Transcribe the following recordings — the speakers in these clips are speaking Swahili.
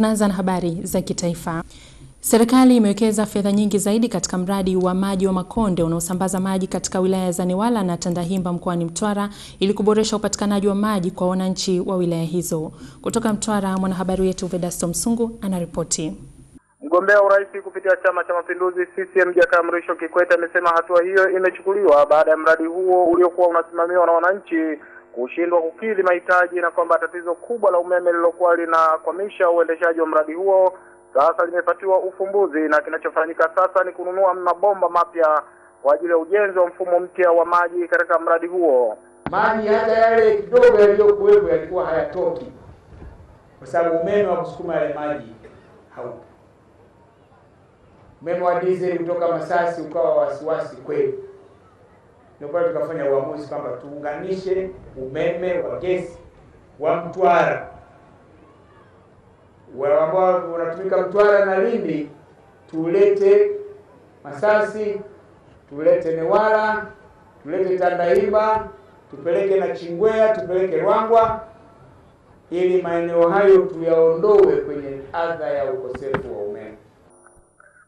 Tunaanza na habari za kitaifa. Serikali imewekeza fedha nyingi zaidi katika mradi wa maji wa Makonde unaosambaza maji katika wilaya za Newala na Tandahimba mkoani Mtwara ili kuboresha upatikanaji wa maji kwa wananchi wa wilaya hizo. Kutoka Mtwara, mwanahabari wetu Vedasto Msungu anaripoti. Mgombea urais kupitia Chama cha Mapinduzi CCM Jakaya Mrisho Kikwete amesema hatua hiyo imechukuliwa baada ya mradi huo uliokuwa unasimamiwa na wananchi kushindwa kukidhi mahitaji na kwamba tatizo kubwa la umeme lilokuwa linakwamisha uendeshaji wa mradi huo sasa limepatiwa ufumbuzi na kinachofanyika sasa ni kununua mabomba mapya kwa ajili ya ujenzi wa mfumo mpya wa maji katika mradi huo. Maji hata yale kidogo yaliyokuwepo yalikuwa hayatoki kwa sababu umeme wa kusukuma yale maji haupo. Umeme wa dizeli kutoka Masasi ukawa wasiwasi kweli ndio pale tukafanya uamuzi kwamba tuunganishe umeme wa gesi wa Mtwara ambao unatumika Mtwara na Lindi, tulete Masasi, tulete Newala, tulete Tandahimba, tupeleke na Chingwea, tupeleke Rwangwa, ili maeneo hayo tuyaondoe kwenye adha ya ukosefu wa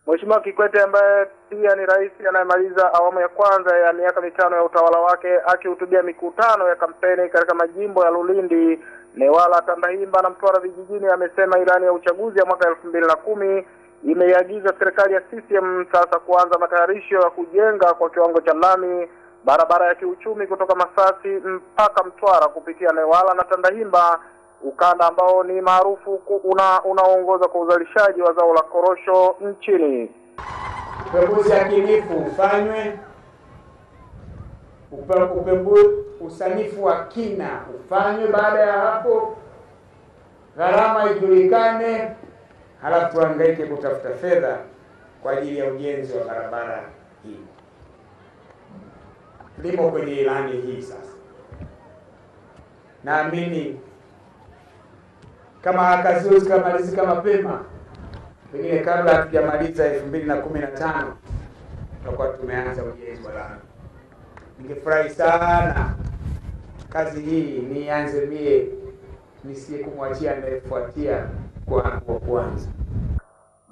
Mheshimiwa Kikwete ambaye pia ni rais anayemaliza awamu ya kwanza ya miaka mitano ya utawala wake akihutubia mikutano ya kampeni katika majimbo ya Lulindi, Newala, Tandahimba na Mtwara vijijini amesema ilani ya uchaguzi ya mwaka elfu mbili na kumi imeiagiza serikali ya CCM sasa kuanza matayarisho ya kujenga kwa kiwango cha lami barabara ya kiuchumi kutoka Masasi mpaka Mtwara kupitia Newala na Tandahimba ukanda ambao ni maarufu una, unaongoza kwa uzalishaji wa zao la korosho nchini. Upembuzi yakinifu ufanywe, upembu, usanifu wa kina ufanywe. Baada ya hapo, gharama ijulikane, halafu tuhangaike kutafuta fedha kwa ajili ya ujenzi wa barabara hii. Limo kwenye ilani hii sasa, naamini kama akaziwezi kamalizika mapema, pengine kabla hatujamaliza elfu mbili na kumi na tano tutakuwa tumeanza ujenzi wa lami. Ningefurahi sana kazi hii nianze mie, nisiye kumwachia anayefuatia kwa wa kwanza.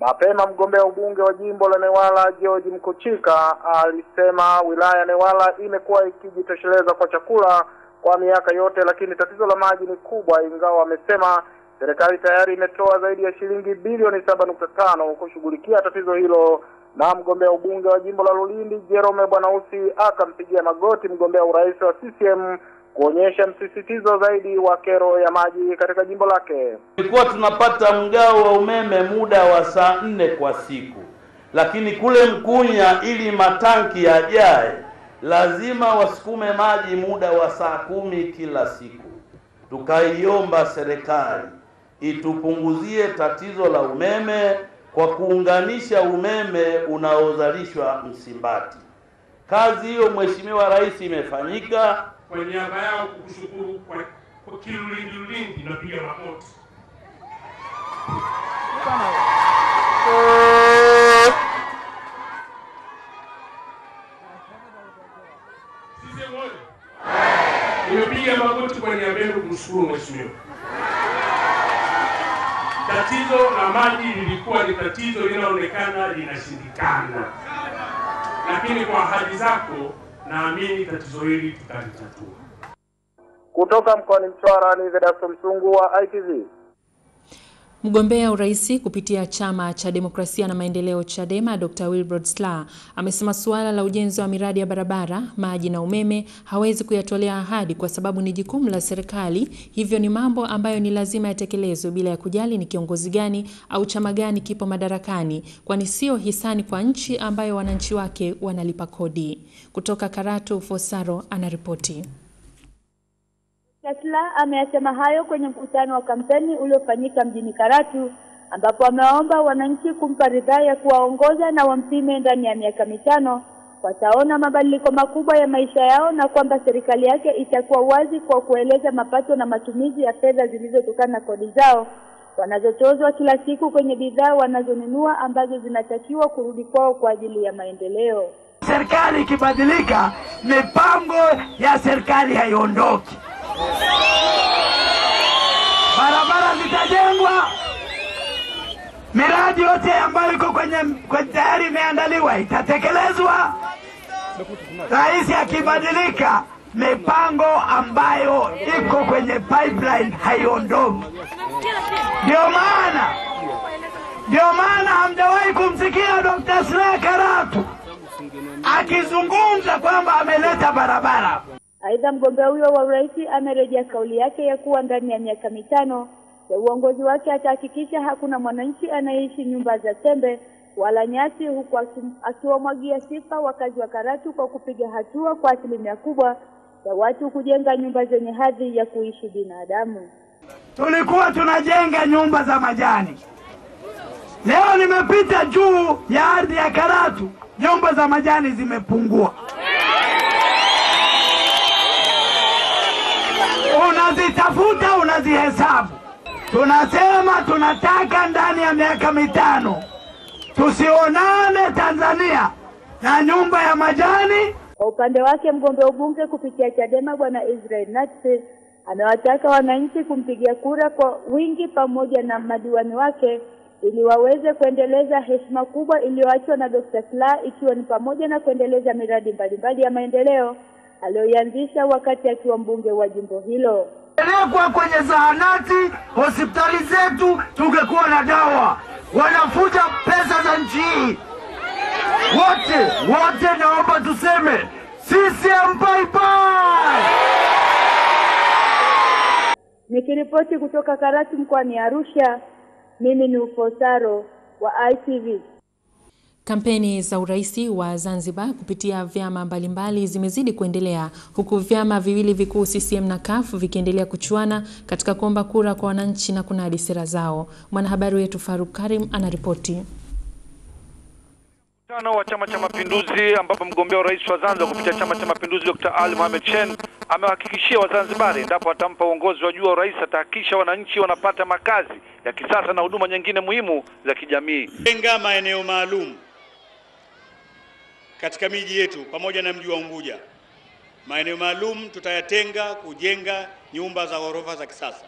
Mapema mgombea ubunge wa jimbo la Newala George Mkuchika alisema wilaya ya Newala imekuwa ikijitosheleza kwa chakula kwa miaka yote, lakini tatizo la maji ni kubwa, ingawa amesema serikali tayari imetoa zaidi ya shilingi bilioni saba nukta tano kushughulikia tatizo hilo na mgombea ubunge wa jimbo la Lulindi Jerome Bwanausi akampigia magoti mgombea urais wa CCM kuonyesha msisitizo zaidi wa kero ya maji katika jimbo lake. Tulikuwa tunapata mgao wa umeme muda wa saa nne kwa siku, lakini kule Mkunya ili matanki yajae lazima wasukume maji muda wa saa kumi kila siku. Tukaiomba serikali itupunguzie tatizo la umeme kwa kuunganisha umeme unaozalishwa Msimbati. Kazi hiyo Mheshimiwa Rais imefanyika. Kwa niaba yao kukushukuru kwa, kwa na pia makofi. Sisi wote nimepiga magoti kwa niaba yenu kumshukuru mheshimiwa tatizo la maji lilikuwa ni tatizo linaonekana linashindikana, lakini kwa ahadi zako naamini tatizo hili tutalitatua. Kutoka mkoani Mtwara ni Vedasto Msungu wa ITV. Mgombea urais kupitia chama cha demokrasia na maendeleo Chadema, Dr. Wilbrod Slaa amesema suala la ujenzi wa miradi ya barabara, maji na umeme hawezi kuyatolea ahadi kwa sababu ni jukumu la serikali, hivyo ni mambo ambayo ni lazima yatekelezwe bila ya kujali ni kiongozi gani au chama gani kipo madarakani, kwani sio hisani kwa nchi ambayo wananchi wake wanalipa kodi. Kutoka Karatu, Fosaro anaripoti. Tesla ameyasema hayo kwenye mkutano wa kampeni uliofanyika mjini Karatu ambapo amewaomba wananchi kumpa ridhaa ya kuwaongoza na wampime ndani ya miaka mitano wataona mabadiliko makubwa ya maisha yao na kwamba serikali yake itakuwa wazi kwa kueleza mapato na matumizi ya fedha zilizotokana na kodi zao wanazotozwa kila siku kwenye bidhaa wanazonunua ambazo zinatakiwa kurudi kwao kwa ajili ya maendeleo. Serikali ikibadilika, mipango ya serikali haiondoki barabara zitajengwa, miradi yote ambayo iko kwenye tayari imeandaliwa itatekelezwa. Rais akibadilika, mipango ambayo iko kwenye pipeline haiondoki. Ndio maana ndio maana hamjawahi kumsikia Dr. Slaa Karatu akizungumza kwamba ameleta barabara. Aidha, mgombea huyo wa urais amerejea kauli yake ya kuwa ndani ya miaka mitano ya uongozi wake atahakikisha hakuna mwananchi anayeishi nyumba za tembe wala nyasi, huku akiwamwagia sifa wakazi wa Karatu kwa kupiga hatua kwa asilimia kubwa ya watu kujenga nyumba zenye hadhi ya kuishi binadamu. Tulikuwa tunajenga nyumba za majani. Leo nimepita juu ya ardhi ya Karatu, nyumba za majani zimepungua. unazitafuta unazihesabu. Tunasema tunataka ndani ya miaka mitano tusionane Tanzania na nyumba ya majani. Kwa upande wake, mgombea ubunge kupitia Chadema Bwana Israel Nathi anawataka wananchi kumpigia kura kwa wingi pamoja na madiwani wake ili waweze kuendeleza heshima kubwa iliyoachwa na Dr. Slaa ikiwa ni pamoja na kuendeleza miradi mbalimbali ya maendeleo aliyoianzisha wakati akiwa mbunge wa jimbo hilo pelekwa kwenye zahanati, hospitali zetu, tungekuwa na dawa. Wanafuta pesa za nchi hii wote wote, naomba tuseme CCM bye bye. Nikiripoti kutoka Karatu mkoani Arusha, mimi ni Ufosaro wa ITV. Kampeni za urais wa Zanzibar kupitia vyama mbalimbali zimezidi kuendelea huku vyama viwili vikuu CCM na CUF vikiendelea kuchuana katika kuomba kura kwa wananchi na kunadi sera zao. Mwanahabari wetu Faruk Karim anaripoti. Mkutano wa Chama cha Mapinduzi ambapo mgombea wa rais wa Zanzibar kupitia Chama cha Mapinduzi Dr. Ali Mohamed Shein amewahakikishia Wazanzibari endapo atampa uongozi wa juu wa rais atahakikisha wananchi wanapata makazi ya kisasa na huduma nyingine muhimu za kijamii. Tenga maeneo maalum katika miji yetu pamoja na mji wa Unguja. Maeneo maalum tutayatenga kujenga nyumba za ghorofa za kisasa.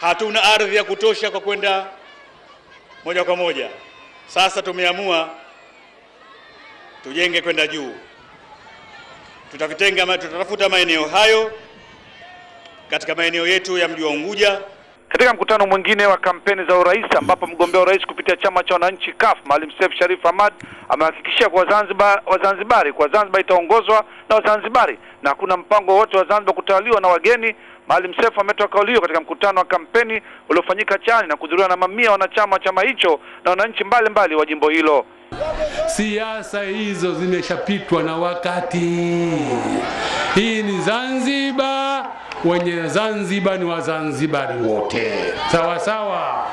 Hatuna ardhi ya kutosha kwa kwenda moja kwa moja, sasa tumeamua tujenge kwenda juu. Tutakitenga, tutatafuta maeneo hayo katika maeneo yetu ya mji wa Unguja katika mkutano mwingine wa kampeni za urais ambapo mgombea wa urais kupitia chama cha wananchi CUF Maalim Seif Sharif Hamad amehakikishia kwa Zanzibar, Wazanzibari kwa Zanzibar itaongozwa na Wazanzibari na hakuna mpango wote wa Zanzibar kutawaliwa na wageni. Maalim Seif ametoa kauli hiyo katika mkutano wa kampeni uliofanyika Chani na kuhudhuriwa na mamia wanachama wa chama hicho na wananchi mbalimbali wa jimbo hilo. Siasa hizo zimeshapitwa na wakati. Hii ni Zanzibar wenye Zanzibar ni Wazanzibari wote sawa sawa,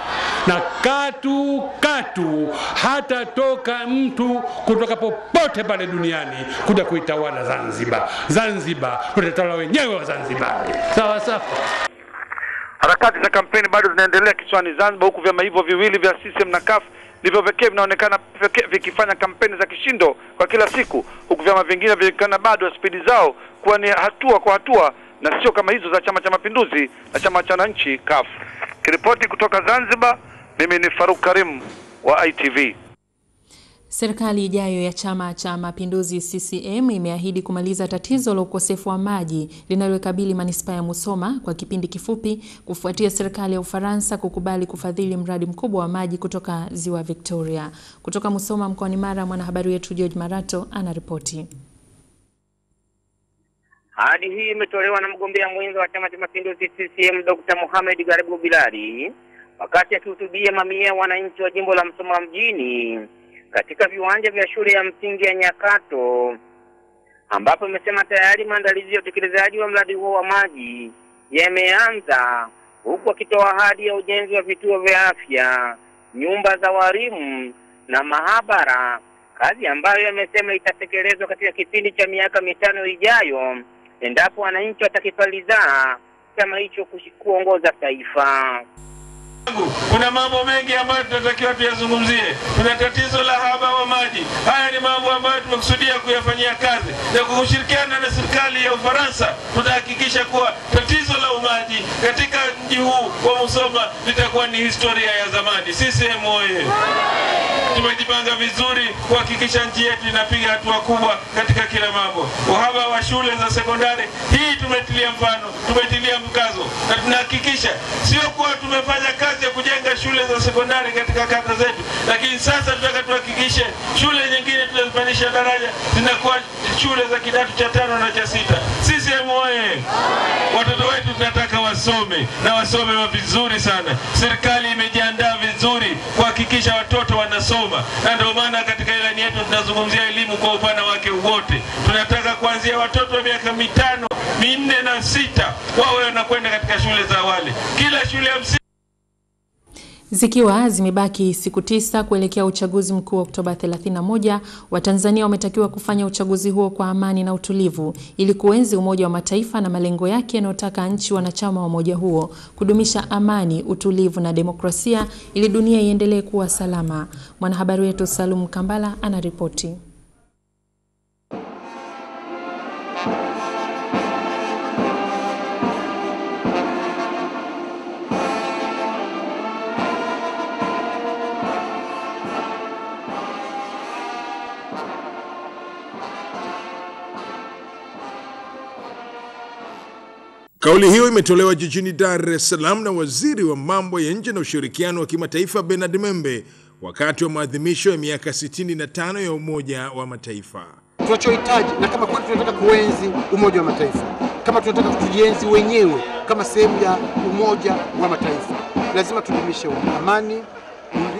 na katu katu hatatoka mtu kutoka popote pale duniani kuja kuitawala Zanzibar. Zanzibar tutatawala wenyewe Wazanzibari sawa sawa. Harakati za kampeni bado zinaendelea kisiwani Zanzibar, huku vyama hivyo viwili vya CCM na CUF ndivyo pekee vinaonekana vikifanya kampeni za kishindo kwa kila siku, huku vyama vingine vikionekana bado spidi zao kuwa ni hatua kwa hatua na sio kama hizo za Chama cha Mapinduzi na Chama cha Wananchi CUF. Kiripoti kutoka Zanzibar, mimi ni Faruk Karim wa ITV. Serikali ijayo ya Chama cha Mapinduzi CCM imeahidi kumaliza tatizo la ukosefu wa maji linalokabili manispaa ya Musoma kwa kipindi kifupi kufuatia serikali ya Ufaransa kukubali kufadhili mradi mkubwa wa maji kutoka Ziwa Victoria. Kutoka Musoma mkoani Mara, mwanahabari wetu George Marato anaripoti. Ahadi hii imetolewa na mgombea mwenza wa Chama cha Mapinduzi CCM Dr. Mohamed Garibu Bilali wakati akihutubia mamia ya wananchi wa jimbo la Msoma mjini katika viwanja vya shule ya msingi ya Nyakato, ambapo imesema tayari maandalizi ya utekelezaji wa mradi huo wa maji yameanza, huku akitoa ahadi ya ujenzi wa vituo vya afya, nyumba za walimu na mahabara, kazi ambayo amesema itatekelezwa katika kipindi cha miaka mitano ijayo endapo wananchi watakipalizaa chama hicho kuongoza taifa. Kuna mambo mengi ambayo tunatakiwa tuyazungumzie. Kuna tatizo la haba wa maji. Haya ni mambo ambayo tumekusudia kuyafanyia kazi, na kwa kushirikiana na serikali ya Ufaransa tutahakikisha kuwa tatizo la umaji katika mji huu wa Musoma litakuwa ni historia ya zamani. CCM oyee! tumejipanga vizuri kuhakikisha nchi yetu inapiga hatua kubwa katika kila mambo. Uhaba wa shule za sekondari hii tumetilia mfano, tumetilia mkazo na tunahakikisha sio kuwa tumefanya kazi ya kujenga shule za sekondari katika kata zetu, lakini sasa tunataka tuhakikishe shule nyingine tunazipandisha daraja zinakuwa shule za kidato cha tano na cha sita. CCM oye! Watoto wetu tunataka wasome na wasome wa vizuri sana. Serikali imejiandaa vizuri kuhakikisha watoto wanasoma Dodoma, na ndio maana katika ilani yetu tunazungumzia elimu kwa upana wake wote. Tunataka kuanzia watoto wa miaka mitano minne na sita wawe wanakwenda katika shule za awali, kila shule ya msingi Zikiwa zimebaki siku tisa kuelekea uchaguzi mkuu wa Oktoba 31, Watanzania wametakiwa kufanya uchaguzi huo kwa amani na utulivu ili kuenzi Umoja wa Mataifa na malengo yake yanayotaka nchi wanachama wa umoja huo kudumisha amani, utulivu na demokrasia ili dunia iendelee kuwa salama. Mwanahabari wetu Salum Kambala anaripoti. Kauli hiyo imetolewa jijini Dar es Salaam na waziri wa mambo ya nje na ushirikiano wa kimataifa Bernard Membe wakati wa maadhimisho ya miaka 65 ya Umoja wa Mataifa. Tunachohitaji na kama kweli tunataka kuenzi Umoja wa Mataifa, kama tunataka tujienzi wenyewe kama sehemu ya Umoja wa Mataifa, lazima tudumishe amani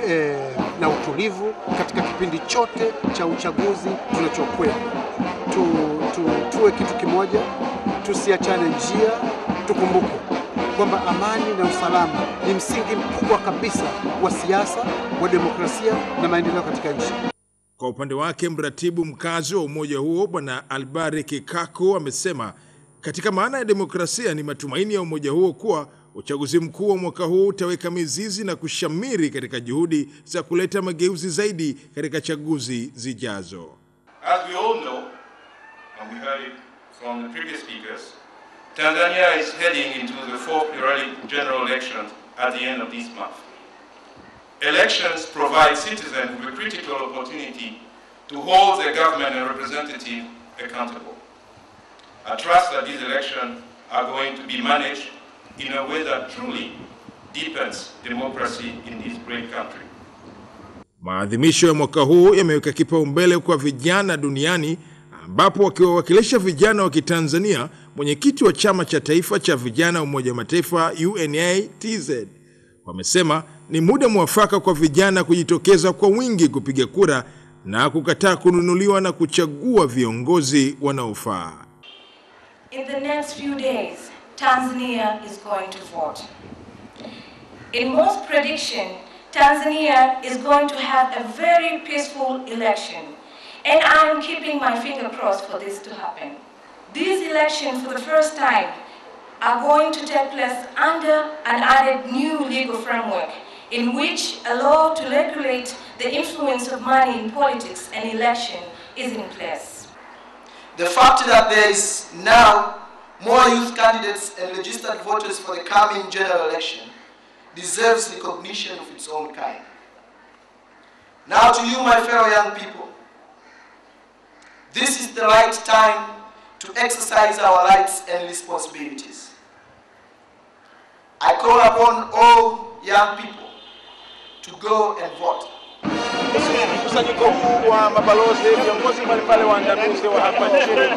e, na utulivu katika kipindi chote cha uchaguzi tunachokwenda. Tu, tu, tuwe kitu kimoja, tusiachane njia tukumbuke kwamba amani na usalama ni msingi mkubwa kabisa wa siasa, wa demokrasia na maendeleo katika nchi. Kwa upande wake, mratibu mkazi wa umoja huo Bwana Albariki Kako amesema katika maana ya demokrasia ni matumaini ya umoja huo kuwa uchaguzi mkuu wa mwaka huu utaweka mizizi na kushamiri katika juhudi za kuleta mageuzi zaidi katika chaguzi zijazo. As we all know, and we heard it from the previous speakers, Tanzania is heading into the fourth plurality general election at the end of this month. Elections provide citizens with a critical opportunity to hold their government and representative accountable. I trust that these elections are going to be managed in a way that truly deepens democracy in this great country. Maadhimisho ya mwaka huu yameweka kipaumbele kwa vijana duniani ambapo wakiwawakilisha vijana wa Kitanzania, mwenyekiti wa chama cha taifa cha vijana wa Umoja Mataifa UNATZ wamesema ni muda mwafaka kwa vijana kujitokeza kwa wingi kupiga kura na kukataa kununuliwa na kuchagua viongozi wanaofaa. In the next few days, Tanzania is going to vote. In most prediction, Tanzania is going to have a very peaceful election. And I'm keeping my finger crossed for this to happen. These elections, for the first time, are going to take place under an added new legal framework in which a law to regulate the influence of money in politics and election is in place. The fact that there is now more youth candidates and registered voters for the coming general election deserves recognition of its own kind. Now to you, my fellow young people, This is the right time to exercise our rights and responsibilities. I call upon all young people to go and vote. Mkusanyiko huu wa mabalozi, viongozi mbalimbali waandamizi wa hapa nchini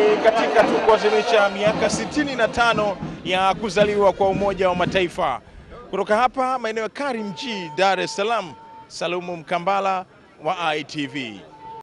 ni katika tu kuadhimisha miaka 65 ya kuzaliwa kwa Umoja wa Mataifa. Kutoka hapa maeneo ya Karimjee, Dar es Salaam, Salumu Mkambala wa ITV.